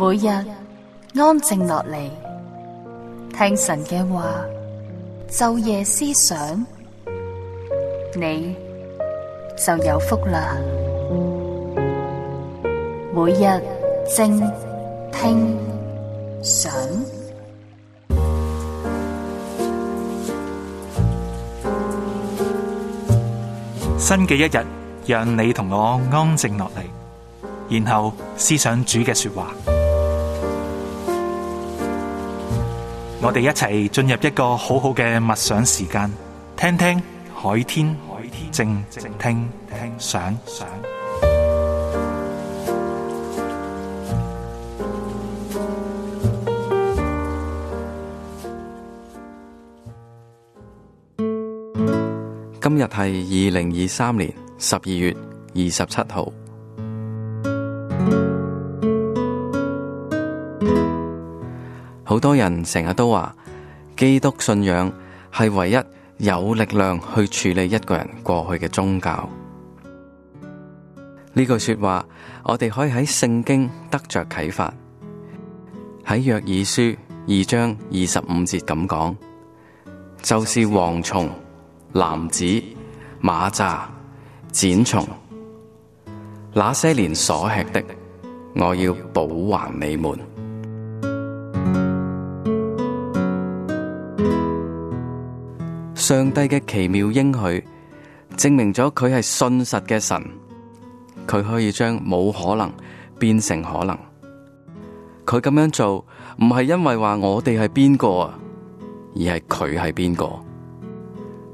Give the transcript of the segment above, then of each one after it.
每日安靜落嚟，聽神嘅話，晝夜思想，你就有福啦。每日靜聽想，新嘅一日，讓你同我安靜落嚟，然後思想主嘅說話。我哋一齊進入一個好好嘅默想時間，聽聽海天靜聽想。今日係二零二三年十二月二十七號。好多人成日都話基督信仰係唯一有力量去處理一個人過去嘅宗教，呢句說話，我哋可以喺聖經得着啟發，喺約珥書二章二十五節咁講，就是蝗蟲、蝻子、螞蚱、剪蟲，那些年所吃的，我要補還你們。上帝嘅奇妙應許，證明咗佢係信實嘅神，佢可以將冇可能變成可能。佢咁樣做，唔係因為話我哋係邊個啊，而係佢係邊個。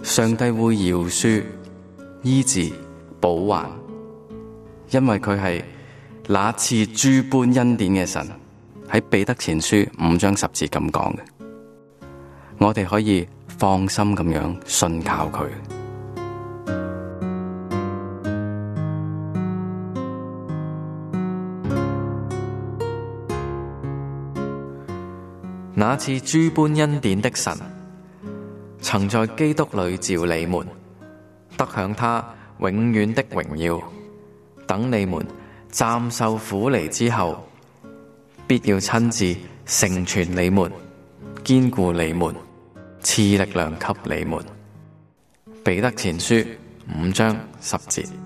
上帝會饒恕、醫治、補還，因為佢係那賜諸般恩典嘅神。喺彼得前書五章十節咁講嘅，我哋可以。放心咁樣信靠佢。那賜諸般恩典的神，曾在基督裏召你們，得享他永遠的榮耀。等你們暫受苦嚟之後，必要親自成全你們，堅固你們。賜力量給你們，彼得前書五章十節。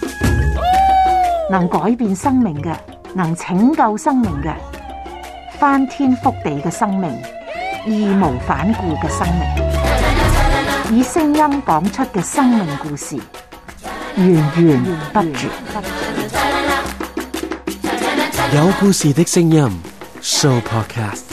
能改變生命嘅，能拯救生命嘅，翻天覆地嘅生命，義無反顧嘅生命，以聲音講出嘅生命故事，源源不絕。有故事的聲音 Sooo Podcast。